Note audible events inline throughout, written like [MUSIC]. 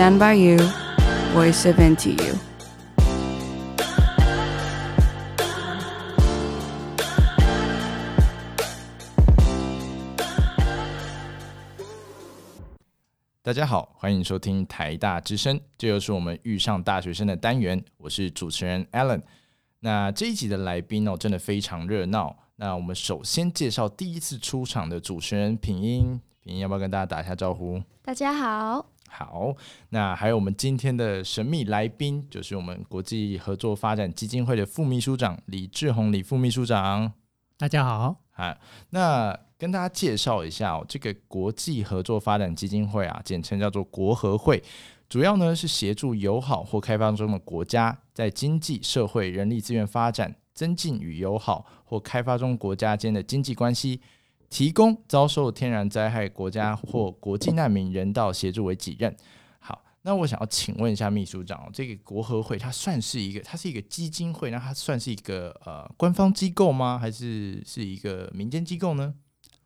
Stand by you, voice of NTU。大家好，歡迎收聽台大之聲，這就是我們育上大學生的單元。我是主持人 Allen。那這一集的來賓哦，真的非常熱鬧。那我們首先介紹第一次出場的主持人品音，品音要不要跟大家打一下招呼？大家好。好，那還有我們今天的神秘來賓，就是我們國際合作發展基金會的副秘書長李志宏，李副秘書長，大家好啊。那跟大家介紹一下哦，這個國際合作發展基金會啊，簡稱叫做國合會，主要呢是協助友好或開發中的國家在經濟社會、人力資源發展，增進與友好或開發中國家間的經濟關係。提供遭受天然災害國家或國際難民人道協助為己任。好，那我想要請問一下秘書長，這個國合會它算是一個，它是一個基金會，那它算是一個呃官方機構嗎？還是是一個民間機構呢？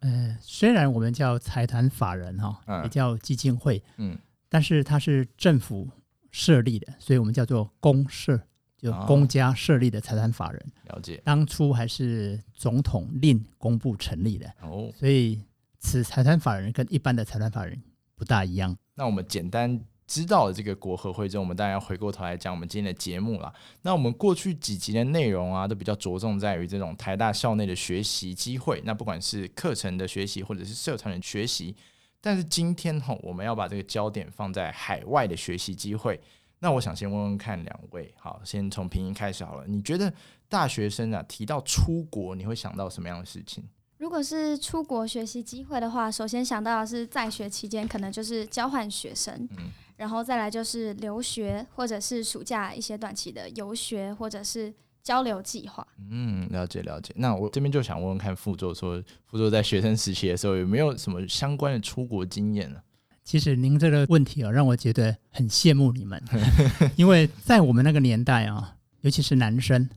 嗯、呃，雖然我們叫財團法人哈，也叫基金會，嗯，嗯，但是它是政府設立的，所以我們叫做公設。就公家設立的財團法人。哦、了解。當初還是總統令公布成立的。哦。所以此財團法人跟一般的財團法人不大一樣。那我們簡單知道了這個國合會之後，我們當然要回過頭來講我們今天的節目了。那我們過去幾集的內容啊，都比較着重在於這種台大校內的學習機會，那不管是課程的學習或者是社團的學習，但是今天吼，我們要把這個焦點放在海外的學習機會。那我想先問問看兩位，好，先從平平開始好了。你覺得大學生啊，提到出國，你會想到什麼樣的事情？如果是出國學習機會的話，首先想到的是在學期間可能就是交換學生，嗯，然後再來就是留學，或者是暑假一些短期的遊學或者是交流計劃。嗯，了解了解。那我這邊就想問問看副座說，副座在學生時期的時候有沒有什麼相關的出國經驗呢、啊？其實您這個問題啊，讓我覺得很羨慕你們， [LAUGHS] 因為在我們那個年代啊，尤其是男生，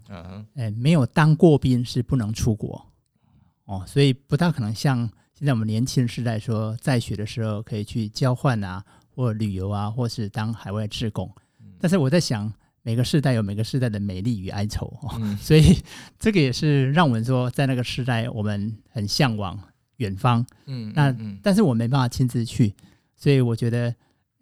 哎，沒有當過兵是不能出國哦，所以不大可能像現在我們年輕時代說，在學的時候可以去交換啊，或旅遊啊，或是當海外志工。但是我在想，每個時代有每個時代的美麗與哀愁，嗯、所以這個也是讓我們說，在那個時代我們很向往遠方。嗯，那嗯嗯但是我沒辦法親自去。所以我覺得，誒、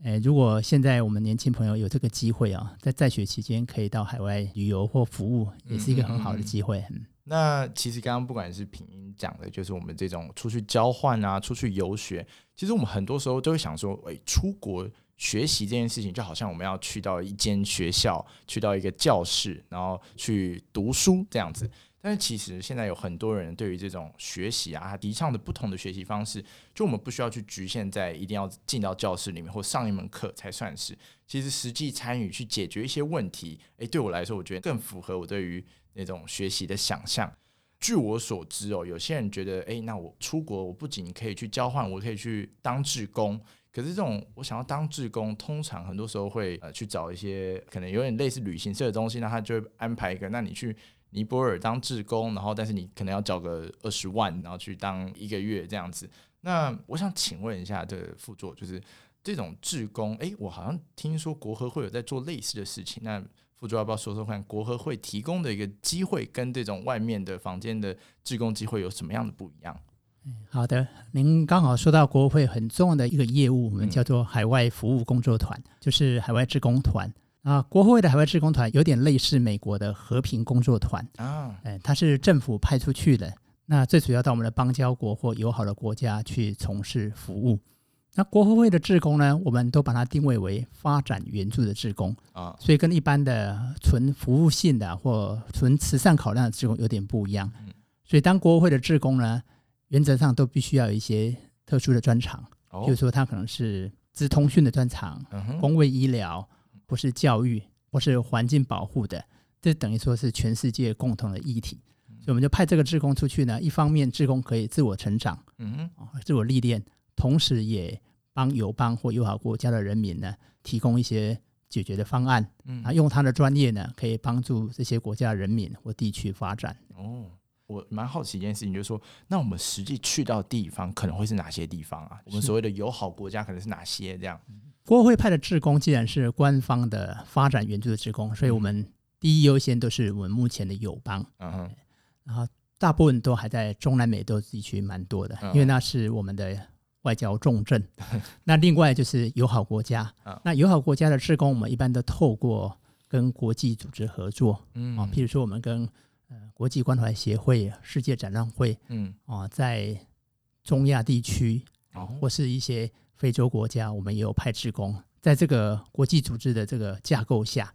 呃，如果現在我們年輕朋友有這個機會啊，在在學期間可以到海外旅遊或服務，也是一個很好的機會。嗯嗯嗯。那其實剛剛不管是平英講的，就是我們這種出去交換啊，出去遊學，其實我們很多時候都會想說，誒，出國學習這件事情，就好像我們要去到一間學校，去到一個教室，然後去讀書這樣子。但其實現在有很多人對於這種學習啊，他提倡的不同的學習方式，就我們不需要去局限在一定要進到教室裡面或上一門課才算是。其實實際參與去解決一些問題，誒、欸，對我來說，我覺得更符合我對於那種學習的想象據我所知哦，有些人覺得，哎、欸，那我出國，我不僅可以去交換，我可以去當志工。可是這種我想要當志工，通常很多時候會呃去找一些可能有點類似旅行社的東西，那他就會安排一個，那你去，尼泊爾當志工，然後但是你可能要繳個二十萬，然後去當一個月這樣子。那我想請問一下，這個副座，就是這種志工，誒？我好像聽說國合會有在做類似的事情。那副座要不要說說看，國合會提供的一個機會跟這種外面的房間的志工機會有什麼樣的不一樣？嗯，好的，您剛好說到國合會很重要的一個業務，我們叫做海外服務工作團，嗯、就是海外志工團。啊，國合會的海外志工團有點類似美國的和平工作團啊、哦哎，它是政府派出去的。那最主要到我們的邦交國或友好的國家去從事服務。那國合會的志工呢，我們都把它定位為發展援助的志工啊，哦、所以跟一般的純服務性的或純慈善考量的志工有點不一樣。嗯、所以當國合會的志工呢，原則上都必須要有一些特殊的專長，就是、哦、說他可能是資通訊的專長、公、嗯、哼衛醫療。不是教育，不是環境保護的，這等於說是全世界共同的議題。所以我們就派這個志工出去呢，一方面志工可以自我成長，嗯，自我歷練，同時也幫友邦或友好國家的人民呢，提供一些解決的方案，嗯，啊，用他的專業呢，可以幫助這些國家人民或地區發展。哦，我蠻好奇一件事情，就是說，那我們實際去到的地方可能會是哪些地方啊？是我們所謂的友好國家可能是哪些這樣？嗯國合會派的志工，既然是官方的發展援助的志工，所以我們第一優先都是我們目前的友邦，嗯、uh，huh. 然後大部分都還在中南美洲地區蠻多的，因為那是我們的外交重鎮。Uh huh. 那另外就是友好國家，uh huh. 那友好國家的志工，我們一般都透過跟國際組織合作，uh huh. 啊，譬如說我們跟呃國際關懷協會、世界展覽會，嗯、uh，啊、huh. 呃，在中亞地區，啊，或是一些。非洲國家，我們也有派志工在這個國際組織的這個架構下，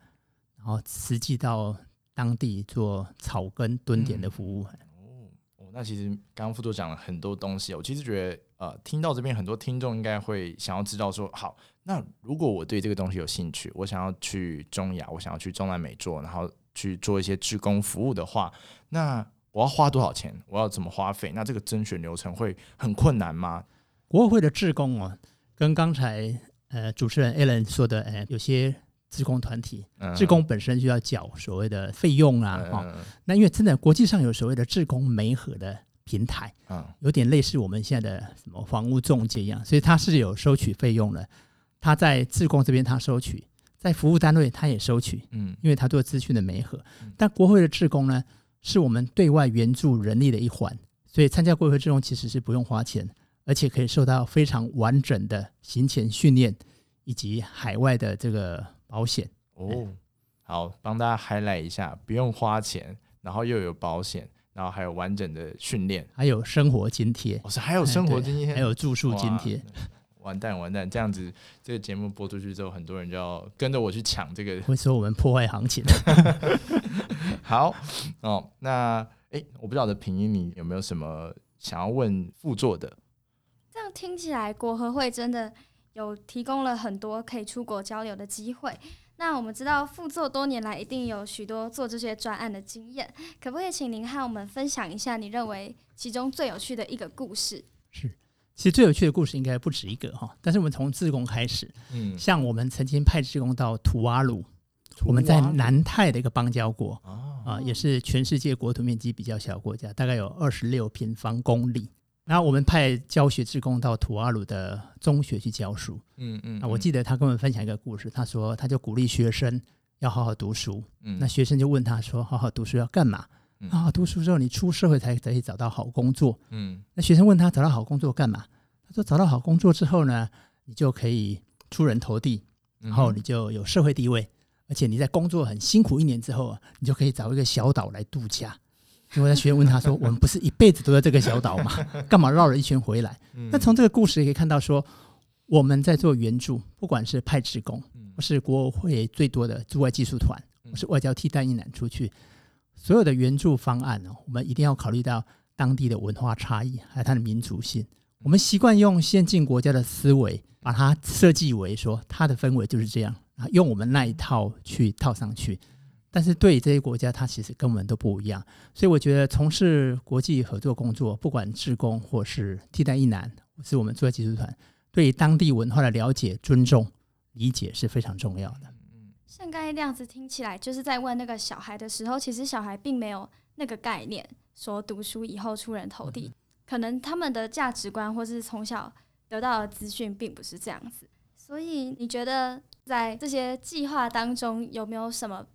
然後實際到當地做草根蹲點的服務。嗯、哦，那其實剛剛副座講了很多東西，我其實覺得，呃，聽到這邊很多聽眾應該會想要知道說，好，那如果我對這個東西有興趣，我想要去中亞，我想要去中南美做，然後去做一些志工服務的話，那我要花多少錢？我要怎麼花費？那這個甄選流程會很困難嗎？國合會的志工啊。跟剛才呃主持人 Alan 說的，呃，有些志工團體，志工、嗯、本身就要繳所謂的費用啊，哈，那因為真的國際上有所謂的志工媒合的平台，嗯，有點類似我們現在的什麼房屋中介一樣，所以他是有收取費用的，他在志工這邊他收取，在服務單位他也收取，嗯，因為他做資訊的媒合，嗯、但國合會的志工呢，是我們對外援助人力的一環，所以參加國合會志工其實是不用花錢。而且可以受到非常完整的行前訓練，以及海外的這個保險哦。好，幫大家 highlight 一下，不用花錢，然後又有保險，然後還有完整的訓練，還有生活津貼。我說、哦、還有生活津貼、哎啊，還有住宿津貼。完蛋完蛋，這樣子這個節目播出去之後，很多人就要跟着我去搶這個，會說我們破壞行情 [LAUGHS] 好。好哦，那哎，我不知道的，平英你有沒有什麼想要問副座的？這樣聽起來，國合會真的有提供了很多可以出國交流的機會。那我們知道，傅作多年來一定有許多做這些專案的經驗，可不可以請您和我們分享一下你認為其中最有趣的一個故事？是，其實最有趣的故事應該不止一個哈。但是我們從志工開始，嗯，像我們曾經派志工到圖瓦魯，嗯、我們在南太的一個邦交國啊、哦呃，也是全世界國土面積比較小的國家，大概有二十六平方公里。然後我們派教學志工到吐瓦魯的中學去教書。嗯嗯，嗯嗯，那我記得他跟我們分享一個故事，他說他就鼓勵學生要好好讀書。嗯，那學生就問他說：“好好讀書要幹嘛？”嗯、好好讀書之後你出社會才可以找到好工作。嗯，那學生問他找到好工作幹嘛？他說找到好工作之後呢，你就可以出人頭地，然後你就有社會地位，嗯、而且你在工作很辛苦一年之後，你就可以找一個小島來度假。因為 [LAUGHS] 學院問他說：“我們不是一輩子都在這個小島嗎？幹嘛繞了一圈回來？”那從這個故事也可以看到，說我們在做援助，不管是派志工，或是國合會最多的駐外技術團，或是外交替代役男出去，所有的援助方案呢，我們一定要考慮到當地的文化差異還有它的民族性。我們習慣用先進國家的思維，把它設計為說它的氛圍就是這樣啊，用我們那一套去套上去。但是對這些國家，它其實跟我們都不一樣，所以我覺得從事國際合作工作，不管志工或是替代役男，是我們作為技術團，對當地文化的了解、尊重、理解是非常重要的。嗯，像剛才這樣子聽起來，就是在問那個小孩的時候，其實小孩並沒有那個概念，說讀書以後出人頭地，嗯、可能他們的價值觀或是從小得到的資訊並不是這樣子。所以你覺得在這些計劃當中有沒有什麼？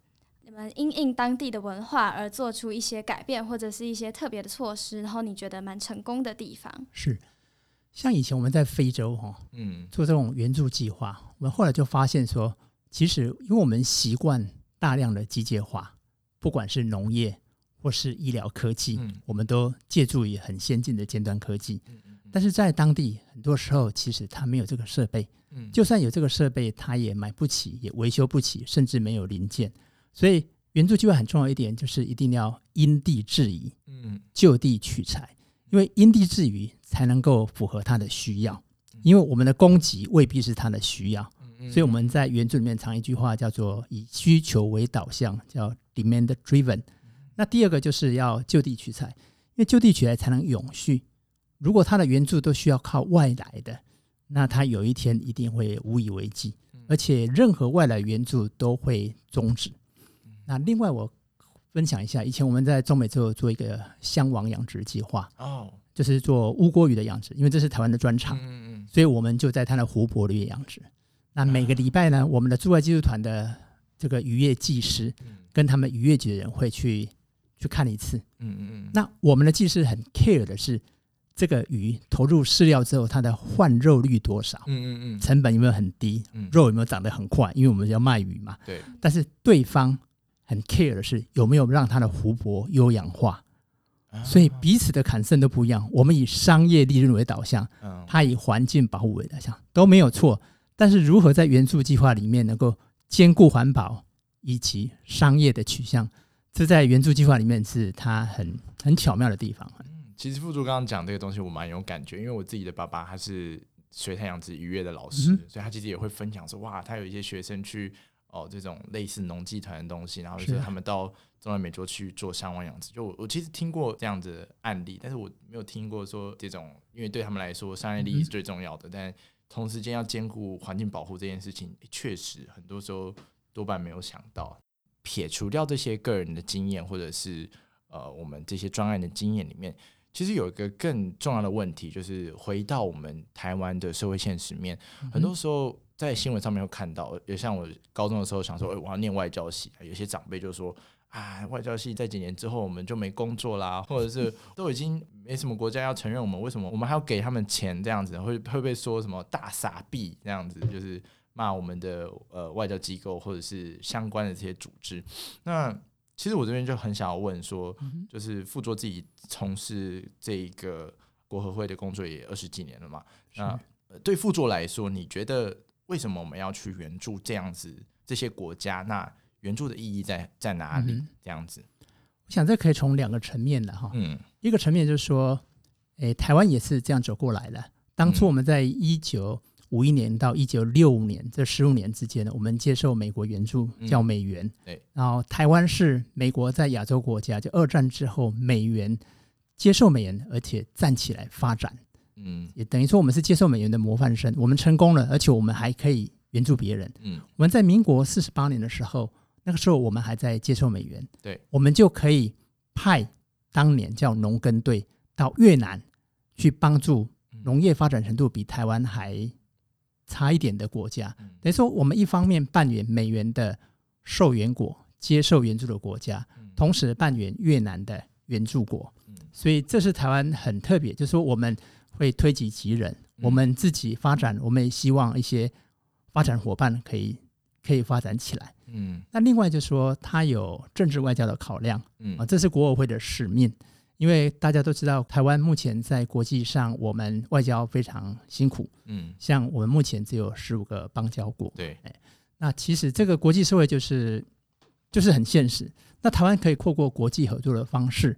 你們因應當地的文化而做出一些改變，或者是一些特別的措施，然後你覺得蠻成功的地方，是像以前我們在非洲哈、哦，嗯，做這種援助計劃，我們後來就發現說，其實因為我們習慣大量的機械化，不管是農業或是醫療科技，嗯、我們都借助於很先進的尖端科技，但是在當地很多時候其實他沒有這個設備，就算有這個設備，他也買不起，也維修不起，甚至沒有零件。所以援助計劃很重要一點，就是一定要因地制宜，就地取材，因為因地制宜才能夠符合他的需要，因為我們的供給未必是他的需要，所以我們在援助裡面常講一句話叫做“以需求為導向”，叫 “demand driven”。那第二個就是要就地取材，因為就地取材才能永續。如果他的援助都需要靠外來的，那他有一天一定會無以為繼，而且任何外來援助都會終止。那另外，我分享一下，以前我們在中美洲做一個箱網養殖計劃，oh. 就是做吳郭魚的養殖，因為這是台灣的專長，mm hmm. 所以我們就在他的湖泊裡養殖。那每個禮拜呢，uh. 我們的駐外技術團的這個漁業技師跟他們漁業局的人會去去看一次，mm hmm. 那我們的技師很 care 的是這個魚投入飼料之後，它的換肉率多少，mm hmm. 成本有沒有很低，mm hmm. 肉有沒有長得很快，因為我們要賣魚嘛，對、mm。Hmm. 但是對方。很 care 的是有沒有讓他的湖泊優養化，所以彼此的 concern 都不一樣。我們以商業利潤為導向，他以環境保護為導向，都沒有錯。但是如何在援助計劃裡面能夠兼顧環保以及商業的取向，這在援助計劃裡面是他很很巧妙的地方、嗯。其實副主剛剛講這個東西，我蠻有感覺，因為我自己的爸爸他是學太陽之愉悅的老師，所以他其實也會分享說，哇，他有一些學生去。哦，這種類似農技團的東西，然後就是他們到中美洲去做山羊養殖。啊、就我，我其實聽過這樣子的案例，但是我沒有聽過說這種，因為對他們來說，商業利益是最重要的，嗯、但同時間要兼顧環境保護這件事情，確、欸、實很多時候多半沒有想到。撇除掉這些個人的經驗，或者是呃，我們這些專案的經驗裡面，其實有一個更重要的問題，就是回到我們台灣的社會現實面，嗯、哼很多時候。在新聞上面有看到，也像我高中的時候想說，欸、我要念外交系。有些長輩就說，啊，外交系在幾年之後我們就沒工作啦，或者是都已經沒什麼國家要承認我們，為什麼我們還要給他們錢？這樣子會會不會說什麼大撒幣這樣子，就是罵我們的呃外交機構或者是相關的這些組織？那其實我這邊就很想要問說，就是副座自己從事這一個國合會的工作也二十幾年了嘛？那對副座來說，你覺得？為什麼我們要去援助這樣子這些國家？那援助的意義在在哪裡？這樣子、嗯，我想這可以從兩個層面的哈，嗯，一個層面就是說，誒、欸，台灣也是這樣走過來了。當初我們在一九五一年到一九六五年、嗯、這十五年之間呢，我們接受美國援助，叫美援，嗯、對。然後台灣是美國在亞洲國家，就二戰之後美援接受美援，而且站起來發展。嗯，也等於說我們是接受美援的模範生，我們成功了，而且我們還可以援助別人。嗯，我們在民國四十八年的時候，那個時候我們還在接受美援，對，我們就可以派當年叫農耕隊到越南去幫助農業發展程度比台灣還差一點的國家。嗯，等於說我們一方面扮演美援的受援國、接受援助的國家，嗯，同時扮演越南的援助國。嗯，所以這是台灣很特別，就是說我們。會推己及，及人，我們自己發展，我們也希望一些發展夥伴可以可以發展起來。嗯，那另外就是說，他有政治外交的考量，嗯，這是國合會的使命，因為大家都知道，台灣目前在國際上，我們外交非常辛苦。嗯，像我們目前只有十五個邦交國，對，那其實這個國際社會就是就是很現實。那台灣可以透過國際合作的方式，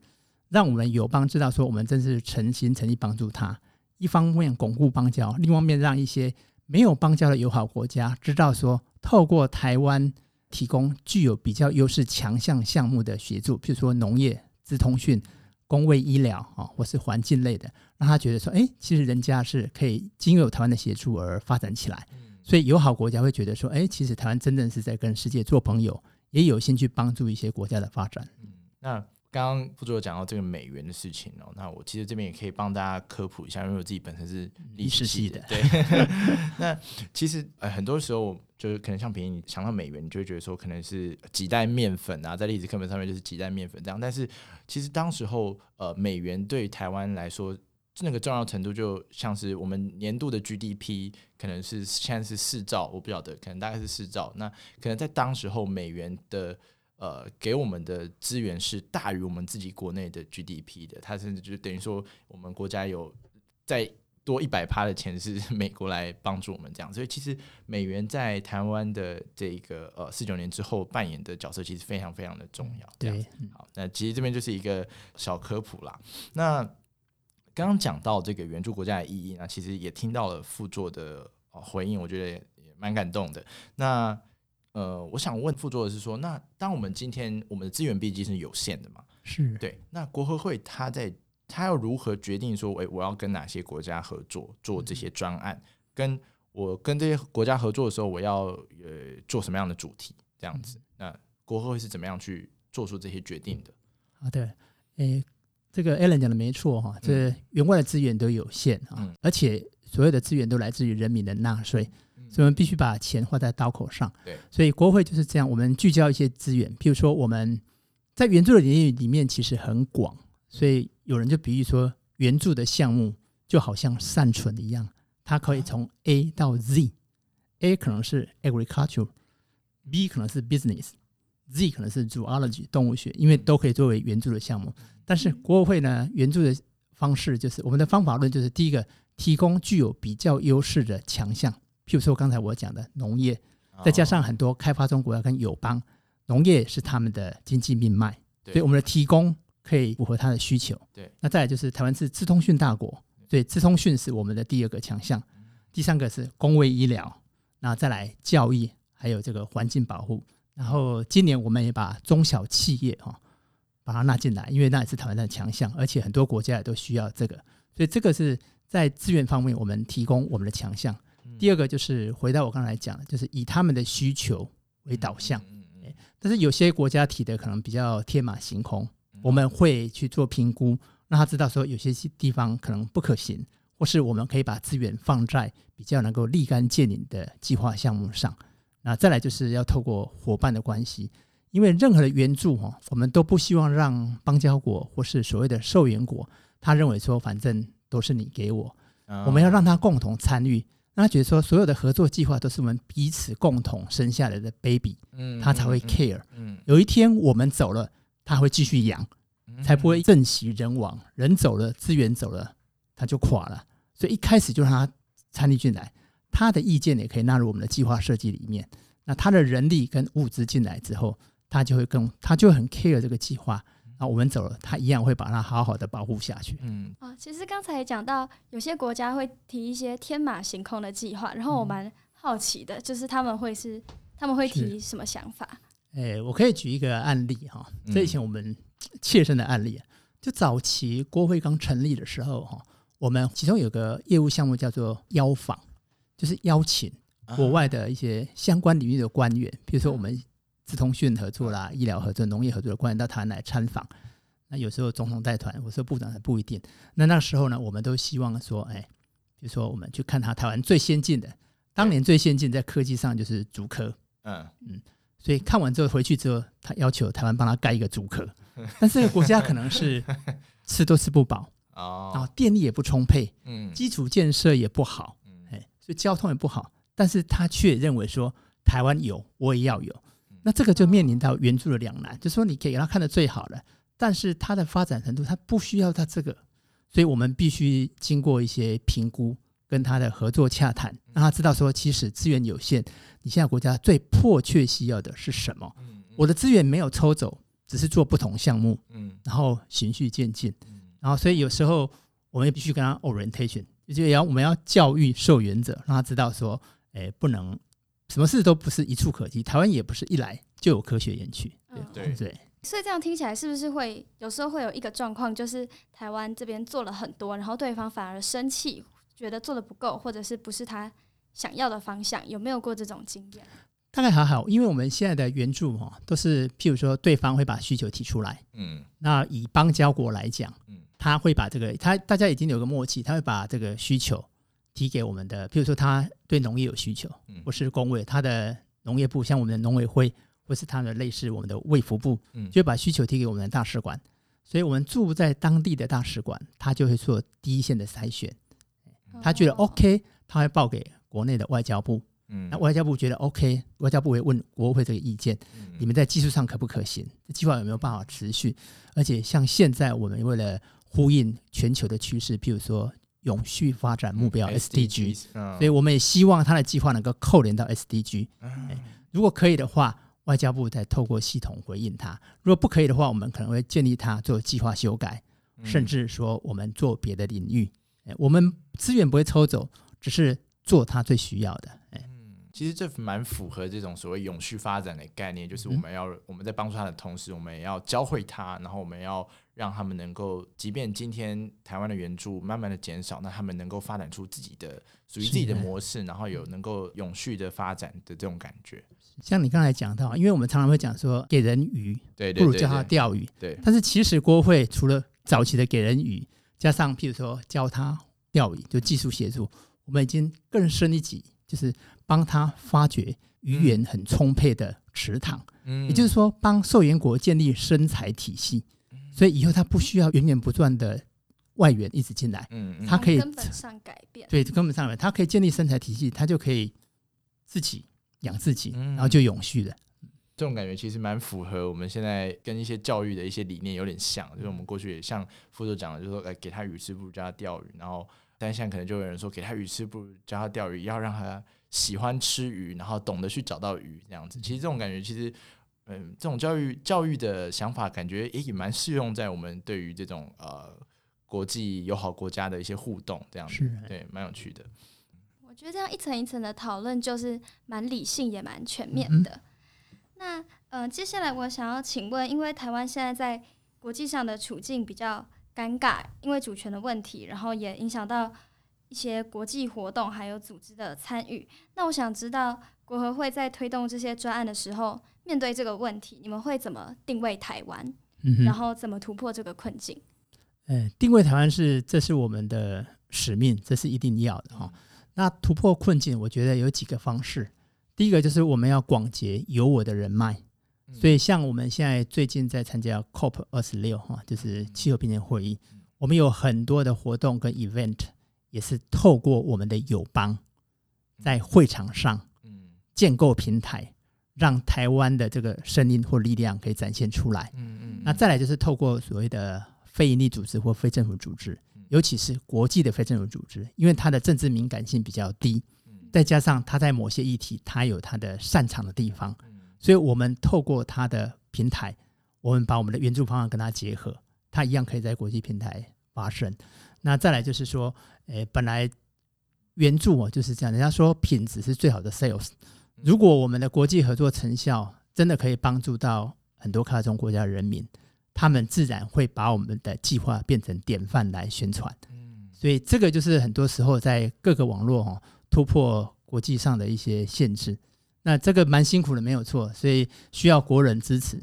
讓我們友邦知道說，我們真是誠心誠意幫助他。一方面鞏固邦交，另外一方面讓一些沒有邦交的友好國家知道說，透過台灣提供具有比較優勢強項項目的協助，譬如說農業、資通訊、公衛醫療啊、哦，或是環境類的，讓他覺得說，哎，其實人家是可以經由台灣的協助而發展起來。所以友好國家會覺得說，哎，其實台灣真正是在跟世界做朋友，也有心去幫助一些國家的發展。嗯，啊剛剛傅卓有講到這個美元的事情哦，那我其實這邊也可以幫大家科普一下，因為我自己本身是歷史系的，系的對。 [LAUGHS] [LAUGHS] 那其實、呃、很多時候就是可能像平，你想到美元，你就會覺得說可能是幾袋麵粉啊，在歷史課本上面就是幾袋麵粉這樣。但是其實當時候，呃，美元對台灣來說那個重要程度，就像是我們年度的 GDP 可能是現在是四兆，我不曉得，可能大概是四兆。那可能在當時候，美元的。呃，給我們的資源是大於我們自己國內的 GDP 的，它甚至就等於說我們國家有再多一百趴的錢是美國來幫助我們這樣，所以其實美元在台灣的這一個呃四九年之後扮演的角色其實非常非常的重要。對這樣，好，那其實這邊就是一個小科普啦。那剛剛講到這個援助國家的意義，那其實也聽到了副座的回應，我覺得也蠻感動的。那。呃，我想問傅作的是說，那當我們今天我們的資源畢竟是有限的嘛？是對。那國合會他在他要如何決定說，我、欸、我要跟哪些國家合作做這些專案？嗯、跟我跟這些國家合作的時候，我要呃做什麼樣的主題？這樣子，嗯、那國合會是怎麼樣去做出這些決定的？啊，對，誒，這個 Alan 講得沒錯哈、啊，這援外的資源都有限、嗯、啊，而且所有的資源都來自於人民的納稅。所以我們必須把錢花在刀口上。對，所以國合會就是這樣。我們聚焦一些資源，譬如說我們在援助的領域裡面其實很廣。所以有人就比喻說，援助的項目就好像善存一樣，它可以從 A 到 Z，A、啊、可能是 agriculture，B 可能是 business，Z 可能是 zoology 動物學，因為都可以作為援助的項目。但是國合會呢，援助的方式就是我們的方法論就是第一個，提供具有比較優勢的強項。譬如說剛才我講的農業，再加上很多開發中國家跟友邦，哦、農業是他們的經濟命脈，對所以我們的提供可以符合他的需求。對那再來就是台灣是資通訊大國，所以資通訊是我們的第二個強項，第三個是公衛醫療，那再來教育，還有這個環境保護。然後今年我們也把中小企業哈、哦，把它納進來，因為那也是台灣的強項，而且很多國家也都需要這個，所以這個是在資源方面我們提供我們的強項。第二個就是回到我剛才講的，就是以他們的需求為導向。嗯嗯。但是有些國家提的可能比較天馬行空，我們會去做評估，讓他知道說有些地方可能不可行，或是我們可以把資源放在比較能夠立竿見影的計劃項目上。那再來就是要透過夥伴的關係，因為任何的援助哈，我們都不希望讓邦交國或是所謂的受援國，他認為說反正都是你給我，我們要讓他共同參與。那他覺得說，所有的合作計劃都是我們彼此共同生下來的 baby，他才會 care。有一天我們走了，他會繼續養，才不會政息人亡，人走了，資源走了，他就垮了。所以一開始就讓他參與進來，他的意見也可以納入我們的計劃設計裡面。那他的人力跟物資進來之後，他就會更，他就會很 care 這個計劃。啊，我們走了，他一樣會把它好好的保護下去。嗯啊、哦，其實剛才也講到有些國家會提一些天馬行空的計劃，然後我蠻好奇的、嗯、就是他們會是他們會提什麼想法？哎，我可以舉一個案例哈，這、哦、以，以前我們切身的案例，嗯、就早期國合會剛成立的時候哈、哦，我們其中有個業務項目叫做邀訪，就是邀請國外的一些相關領域的官員，啊、比如說我們。資通訊合作啦、啊，醫療合作、農業合作的官員到台灣來參訪，那有時候總統帶團，我說部長還不一定。那那時候呢，我們都希望說，哎、欸，如，就是、說我們去看他台灣最先進的，當年最先進在科技上就是竹科，嗯嗯，所以看完之後回去之後，他要求台灣幫他蓋一個竹科，但是國家可能是吃都吃不飽，然後電力也不充沛，嗯，基礎建設也不好，哎、欸，所以交通也不好，但是他卻認為說台灣有，我也要有。那這個就面臨到援助的兩難，就說你可以給他看的最好了，但是他的發展程度，他不需要他這個，所以我們必須經過一些評估，跟他的合作洽談，讓他知道說，其實資源有限，你現在國家最迫切需要的是什麼？我的資源沒有抽走，只是做不同項目，嗯，然後循序漸進，然後所以有時候我們也必須跟他 orientation，就也要我們要教育受援者，讓他知道說，欸，不能。什麼事都不是一蹴可及，台灣也不是一來就有科學園區。對、嗯、對。所以這樣聽起來是不是會有時候會有一個狀況，就是台灣這邊做了很多，然後對方反而生氣，覺得做得不夠，或者是不是他想要的方向？有沒有過這種經驗？嗯、大概還好，因為我們現在的援助哈，都是譬如說對方會把需求提出來，嗯，那以邦交國來講，嗯，他會把這個，他大家已經有個默契，他會把這個需求。提給我們的，譬如說他對農業有需求，或是公衛，他的農業部像我們的農委會，或是他的類似我們的衛福部，就會把需求提給我們的大使館。所以，我們住在當地的大使館，他就會做第一線的篩選。他覺得 OK，他會報給國內的外交部。那外交部覺得 OK，外交部會問國合會這個意見：你們在技術上可不可行？這計劃有沒有辦法持續？而且，像現在我們為了呼應全球的趨勢，譬如說。永續發展目標 SDG、嗯、所以我們也希望他的計劃能夠扣連到 SDG、嗯哎。如果可以的話，外交部再透過系統回應他；如果不可以的話，我們可能會建議他做計劃修改，嗯、甚至說我們做別的領域、哎。我們資源不會抽走，只是做他最需要的、哎嗯。其實這蠻符合這種所謂永續發展的概念，就是我們要、嗯、我們在幫助他的同時，我們也要教會他，然後我們要。讓他們能夠，即便今天台灣的援助慢慢的減少，那他們能夠發展出自己的屬於自己的模式，的然後有能夠永續的發展的這種感覺。像你剛才講到，因為我們常常會講說，給人魚，對對對對對，不如教他釣魚。對，對，對，對。對，但是其實國合會除了早期的給人魚，加上譬如說教他釣魚，就技術協助，我們已經更深一級，就是幫他發掘魚源很充沛的池塘。嗯，也就是說，幫受援國建立生財體系。所以以後他不需要源源不斷的外援一直進來，嗯嗯、他可以、嗯嗯、根本上改變。對，根本上改變，他可以建立生態體系，他就可以自己養自己，嗯、然後就永續了。這種感覺其實蠻符合我們現在跟一些教育的一些理念有點像，嗯、就是我們過去也像副總講的，就是說來給他魚吃不如教他釣魚，然後，但是現在可能就有人說，給他魚吃不如教他釣魚，要讓他喜歡吃魚，然後懂得去找到魚這樣子。其實這種感覺其實。嗯，這種教育教育的想法，感覺也也蠻適用在我們對於這種呃國際友好國家的一些互動這樣子，啊、對，蠻有趣的。我覺得這樣一層一層的討論，就是蠻理性也蠻全面的。嗯嗯那嗯、呃，接下來我想要請問，因為台灣現在在國際上的處境比較尷尬，因為主權的問題，然後也影響到一些國際活動還有組織的參與。那我想知道，國合會在推動這些專案的時候，面對這個問題，你們會怎麼定位台灣？嗯、哼然後怎麼突破這個困境？嗯，定位台灣是這是我們的使命，這是一定要的哈。嗯、那突破困境，我覺得有幾個方式。第一個就是我們要廣結有我的人脈，所以像我們現在最近在參加 COP 二十六哈，就是氣候變遷會議，嗯、我們有很多的活動跟 event 也是透過我們的友邦在會場上嗯建構平台。讓台灣的這個聲音或力量可以展現出來。那再來就是透過所謂的非營利組織或非政府組織，尤其是國際的非政府組織，因為它的政治敏感性比較低，再加上它在某些議題它有它的擅長的地方，所以我們透過它的平台，我們把我們的援助方案跟它結合，它一樣可以在國際平台發聲。那再來就是說，誒，本來援助嘛就是這樣，人家說品質是最好的 sales。如果我們的國際合作成效真的可以幫助到很多發展中國家的人民，他們自然會把我們的計劃變成典範來宣傳。嗯，所以這個就是很多時候在各個網絡哈突破國際上的一些限制。那這個蠻辛苦的，沒有錯，所以需要國人支持。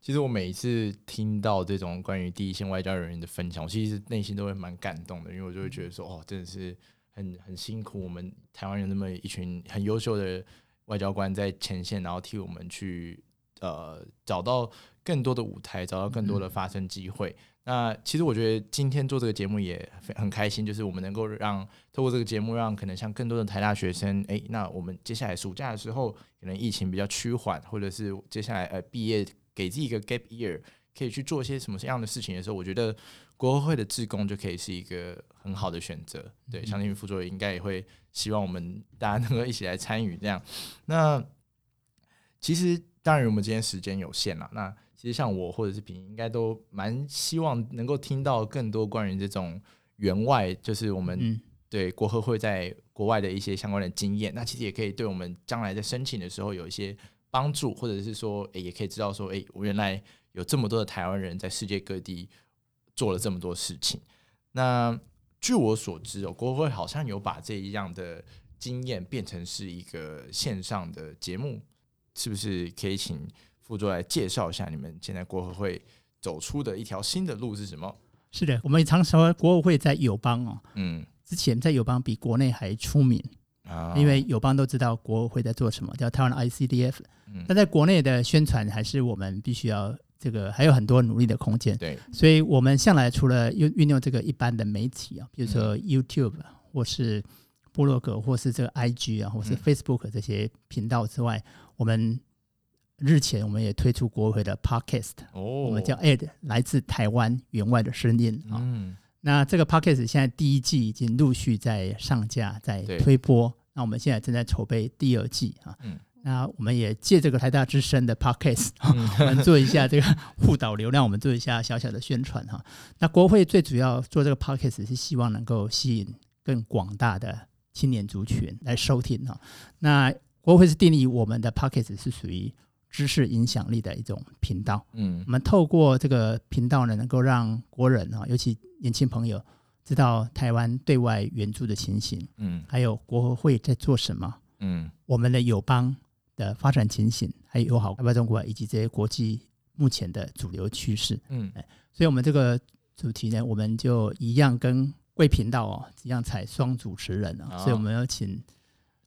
其實我每一次聽到這種關於第一線外交人員的分享，我其實內心都會蠻感動的，因為我就會覺得說，哦，真的是很很辛苦。我們台灣有那麼一群很優秀的。外交官在前線，然後替我們去呃找到更多的舞台，找到更多的發聲機會。嗯。那其實我覺得今天做這個節目也很開心，就是我們能夠讓透過這個節目，讓可能像更多的台大學生，哎，那我們接下來暑假的時候，可能疫情比較趨緩，或者是接下來呃畢業，給自己一個 gap year。可以去做一些什麼樣的事情的時候，我覺得國合會的志工就可以是一個很好的選擇。對，相信、嗯、作用應該也會希望我們大家能夠一起來參與這樣。那其實當然我們今天時間有限了。那其實像我或者是平，應該都蠻希望能夠聽到更多關於這種援外，就是我們、嗯、對國合會在國外的一些相關的經驗。那其實也可以對我們將來在申請的時候有一些幫助，或者是說、欸、也可以知道說，哎、欸，我原來。有這麼多的台灣人在世界各地做了這麼多事情，那據我所知哦，國合會好像有把這一樣的經驗變成是一個線上的節目，是不是可以請副座來介紹一下你們現在國合會走出的一條新的路是什麼？是的，我們也常說國合會在友邦哦，嗯，之前在友邦比國內還出名啊，因為友邦都知道國合會在做什麼，叫台灣 ICDF，但在國內的宣傳還是我們必須要。這個還有很多努力的空間。對，所以我們向來除了運運用這個一般的媒體啊，比如說 YouTube 或是部落格，或是這個 IG 啊，或是 Facebook 這些頻道之外，我們日前我們也推出國合會的 Podcast 我們叫 “Ed 來自台灣援外的聲音”啊。嗯，那這個 Podcast 現在第一季已經陸續在上架，在推播。那我們現在正在籌備第二季啊。嗯。那我們也借這個台大之聲的 podcast 我們做一下這個互導流量，我們做一下小小的宣傳哈。那國合會最主要做這個 podcast 是希望能夠吸引更廣大的青年族群來收聽哈、啊。那國合會是定義我們的 podcast 是屬於知識影響力的一種頻道，嗯，我們透過這個頻道呢，能夠讓國人、啊、尤其年輕朋友知道台灣對外援助的情形，嗯，還有國合會在做什麼，嗯，我們的友邦。呃，發展情形，還有友好外中國以及這些國際目前的主流趨勢，嗯，所以我們這個主題呢，我們就一樣跟貴頻道哦一樣採雙主持人、哦哦，所以我們要請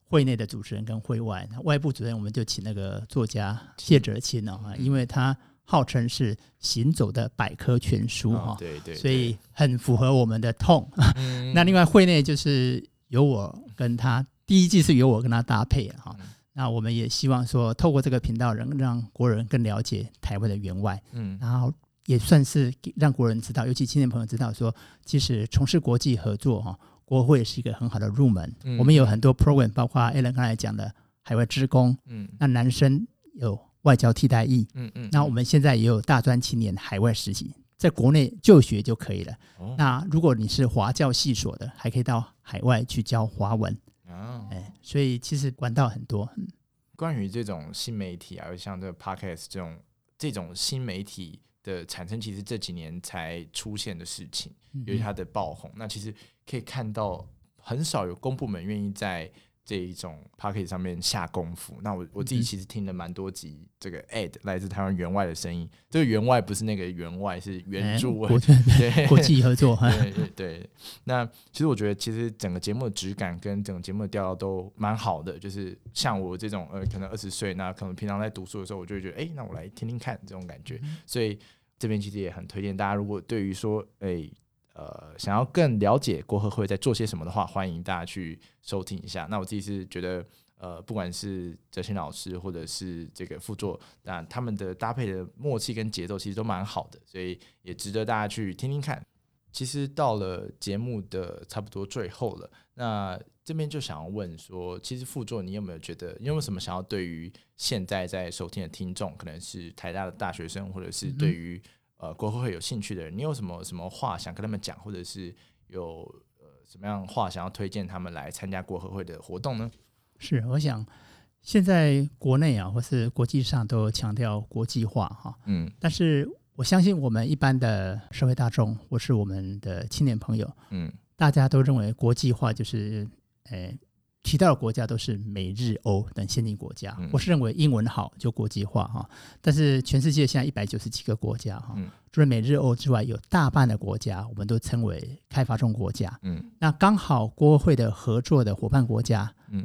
會內的主持人跟會外外部主持人，我們就請那個作家謝哲青啊、哦，嗯、因為他號稱是行走的百科全書哈、哦哦，對對，對，所以很符合我們的痛。 [LAUGHS] 那另外會內就是由我跟他，嗯、第一季是由我跟他搭配哈、啊。嗯那我們也希望說，透過這個頻道，能讓國人更了解台灣的援外，嗯，然後也算是讓國人知道，尤其青年朋友知道說，說其實從事國際合作哈，國合會是一個很好的入門。嗯、我們有很多 program，包括 Alan 剛，剛才講的海外志工，嗯，那男生有外交替代役，嗯嗯，嗯那我們現在也有大專青年海外實習，在國內就學就可以了。哦、那如果你是華教系所的，還可以到海外去教華文。嗯，哎，所以其實管道很多。嗯、關於這種新媒體啊，像這個 podcast 這種這種新媒體的產生，其實這幾年才出現的事情，由於、嗯、哼它的爆紅，那其實可以看到很少有公部門願意在。這一種 pocket 上面下功夫，那我我自己其實聽了蠻多集這個 ad 來自台灣援外的聲音，嗯、這個援外不是那個援外，是援助，欸，對，對國際合作，對對對，對， [LAUGHS] 對。那其實我覺得，其實整個節目的質感跟整個節目的調調都蠻好的，就是像我這種呃，可能二十歲，那可能平常在讀書的時候，我就會覺得，誒、欸，那我來聽聽看這種感覺。嗯、所以這邊其實也很推薦大家，如果對於說，誒、欸。呃，想要更了解國合會在做些什麼的話，歡迎大家去收聽一下。那我自己是覺得，呃，不管是澤新老師或者是這個副座，那他們的搭配的默契跟節奏其實都蠻好的，所以也值得大家去聽聽看。其實到了節目的差不多最後了，那這邊就想要問說，其實副座，你有沒有覺得，你有沒有什麼想要對於現在在收聽的聽眾，可能是台大的大學生，或者是對於、嗯嗯？呃，國合會有興趣的人，你有什麼什麼話想跟他們講，或者是有呃什麼樣話想要推薦他們來參加國合會的活動呢？是，我想現在國內啊，或是國際上都強調國際化哈、啊，嗯，但是我相信我們一般的社會大眾或是我們的青年朋友，嗯，大家都認為國際化就是誒。欸提到的國家都是美日歐等先進國家，我是認為英文好就國際化哈、啊。但是全世界現在一百九十七個國家哈、啊，除了美日歐之外，有大半的國家我們都稱為開發中國家。嗯，那剛好國合會的合作的夥伴國家，嗯，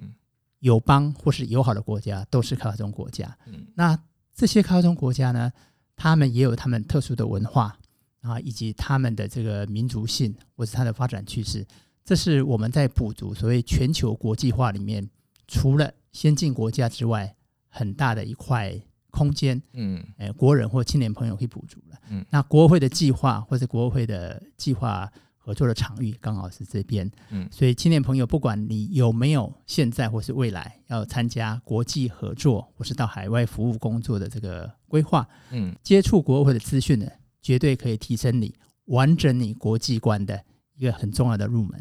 友邦或是友好的國家都是開發中國家。嗯，那這些開發中國家呢，他們也有他們特殊的文化啊，以及他們的這個民族性或者是它的發展趨勢。這是我們在補足所謂全球國際化裡面，除了先進國家之外，很大的一塊空間。嗯，誒、呃，國人或青年朋友可以補足了。嗯，那國合會的計劃或者國合會的計劃合作的場域，剛好是這邊。嗯，所以青年朋友，不管你有沒有現在或是未來要參加國際合作，或是到海外服務工作的這個規劃，嗯，接觸國合會的資訊呢，絕對可以提升你完整你國際觀的一個很重要的入門。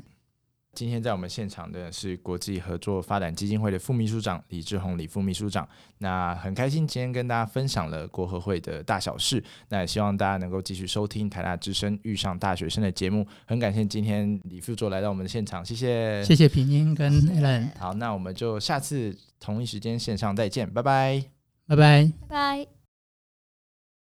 今天在我們現場的是國際合作發展基金會的副秘書長李志宏，李副秘書長，那很開心今天跟大家分享了國合會的大小事，那也希望大家能夠繼續收聽台大之聲遇上大學生的節目，很感謝今天李副座來到我們的現場，謝謝謝謝平英跟 Ellen 好，那我們就下次同一時間線上再見，拜拜拜拜拜。拜拜